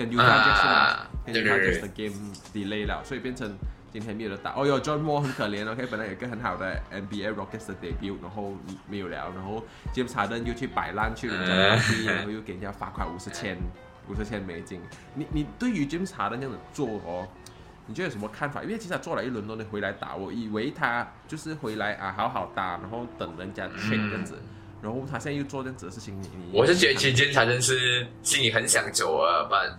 跟 Utagas，聽日佢哋嘅 game delay 啦，所以變成今天沒有得打。哦喲，John Wall 很可憐。o、okay, k 本來有一個很好的 NBA Rockets 的 debut，然後沒有聊，然後 James Harden 又去擺爛，去人家，呃、然後又給人家罰款五十千，五十千美金。你你對於 James Harden 這樣子做哦，你覺得有什麼看法？因為其實他做了一輪都冇回來打，我以為他就是回來啊好好打，然後等人家這樣子。嗯、然後他現在又做這樣子的事情，心我是覺得其實 James Harden 是心裏很想做啊，不然。